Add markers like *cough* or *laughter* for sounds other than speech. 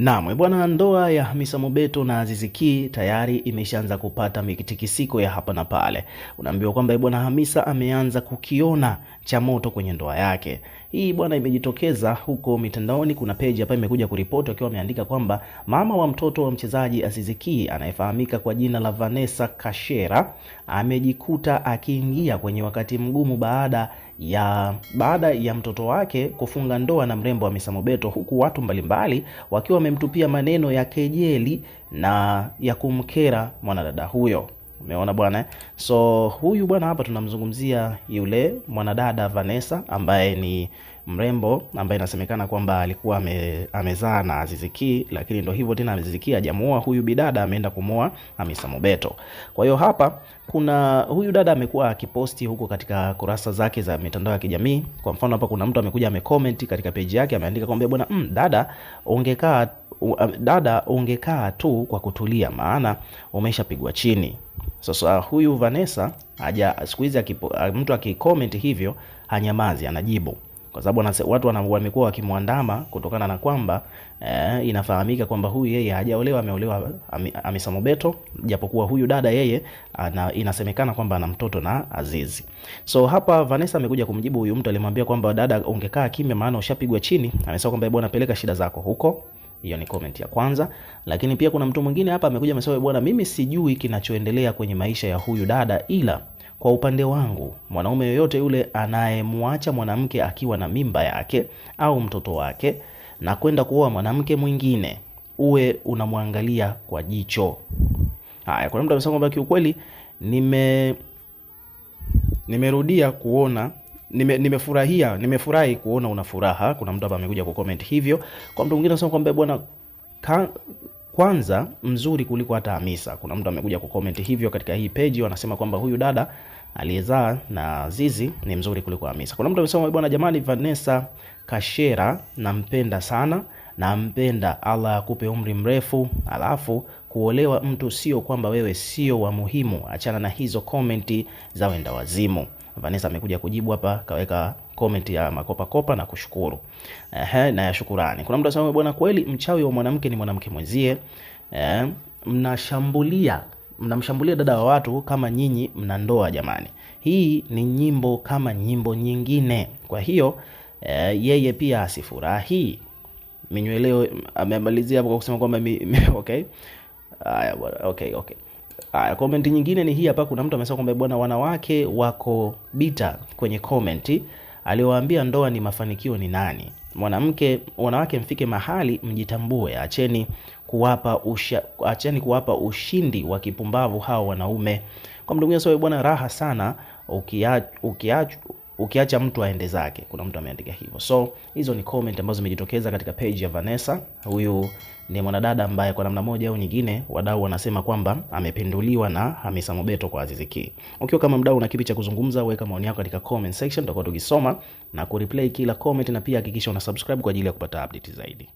Naam, e bwana, ndoa ya Hamisa Mobeto na Azizi Ki tayari imeshaanza kupata mikitikisiko ya hapa na pale. Unaambiwa kwamba e bwana Hamisa ameanza kukiona cha moto kwenye ndoa yake. Hii bwana imejitokeza huko mitandaoni. Kuna page hapa imekuja kuripoti wakiwa ameandika kwamba mama wa mtoto wa mchezaji Azizi Ki anayefahamika kwa jina la Vanessa Kashera amejikuta akiingia kwenye wakati mgumu baada ya baada ya mtoto wake kufunga ndoa na mrembo wa Hamisa Mobeto, huku watu mbalimbali wakiwa wamemtupia maneno ya kejeli na ya kumkera mwanadada huyo. Umeona bwana, eh? so huyu bwana hapa tunamzungumzia yule mwanadada Vanessa ambaye ni mrembo ambaye inasemekana kwamba alikuwa ame, amezaa na Azizi Ki, lakini ndo hivyo tena, Azizi Ki hajamuoa huyu bidada, ameenda kumoa Hamisa Mobeto. Kwa hiyo hapa kuna huyu dada amekuwa akiposti huko katika kurasa zake za mitandao ya kijamii. Kwa mfano hapa kuna mtu amekuja amecomment katika page yake, ameandika kwamba bwana mm, dada ungekaa um, dada ungekaa tu kwa kutulia, maana umeshapigwa chini. Sasa huyu Vanessa haja siku hizi mtu akikoment hivyo hanyamazi, anajibu kwa sababu watu wamekuwa wakimwandama kutokana na kwamba eh, inafahamika kwamba huyu yeye hajaolewa, ameolewa Amisamobeto, japokuwa huyu dada yeye ana, inasemekana kwamba ana mtoto na Azizi. So hapa Vanessa amekuja kumjibu huyu mtu, alimwambia kwamba dada, ungekaa kimya, maana ushapigwa chini. Amesema kwamba bwana, peleka shida zako huko hiyo ni comment ya kwanza, lakini pia kuna mtu mwingine hapa amekuja amesema, bwana, mimi sijui kinachoendelea kwenye maisha ya huyu dada, ila kwa upande wangu mwanaume yoyote yule anayemwacha mwanamke akiwa na mimba yake au mtoto wake na kwenda kuoa mwanamke mwingine, uwe unamwangalia kwa jicho. Haya, kuna mtu amesema kwamba kiukweli nime nimerudia kuona nime, nimefurahia nimefurahi kuona una furaha. Kuna mtu hapa amekuja ku comment hivyo. Kwa mtu mwingine anasema kwamba bwana kwanza mzuri kuliko hata Hamisa. Kuna mtu amekuja ku comment hivyo katika hii page, wanasema kwamba huyu dada aliyezaa na Zizi ni mzuri kuliko Hamisa. Kuna mtu amesema bwana, jamani, Vanessa Kashera nampenda sana, nampenda, Allah akupe umri mrefu. Alafu kuolewa mtu sio kwamba wewe sio wa muhimu, achana na hizo komenti za wenda wazimu. Vanessa amekuja kujibu hapa, kaweka comment ya makopa kopa na kushukuru. Ehe, na ya shukurani. Kuna mtu anasema bwana, kweli mchawi wa mwanamke ni mwanamke mwenzie. Eh, mnashambulia mnamshambulia dada wa watu kama nyinyi mna ndoa jamani. Hii ni nyimbo kama nyimbo nyingine. Kwa hiyo e, yeye pia asifurahi. Minyweleo amemalizia hapo kwa kusema kwamba *laughs* okay. Aya, okay, okay. Haya, komenti nyingine ni hii hapa. Kuna mtu amesema kwamba bwana, wanawake wako bita kwenye komenti, aliwaambia ndoa ni mafanikio ni nani? Mwanamke, wanawake mfike mahali mjitambue, acheni kuwapa usha, acheni kuwapa ushindi wa kipumbavu hao wanaume. Kwa mdungia sawa bwana, raha sana ukiach, ukiacha mtu aende zake. Kuna mtu ameandika hivyo. So hizo ni comment ambazo zimejitokeza katika page ya Vanessa. Huyu ni mwanadada ambaye kwa namna moja au nyingine wadau wanasema kwamba amepinduliwa na Hamisa Mobeto kwa Azizi Ki. Ukiwa kama mdau una kipi cha kuzungumza, weka maoni yako katika comment section, tutakuwa tukisoma na kureply kila comment, na pia hakikisha una subscribe kwa ajili ya kupata update zaidi.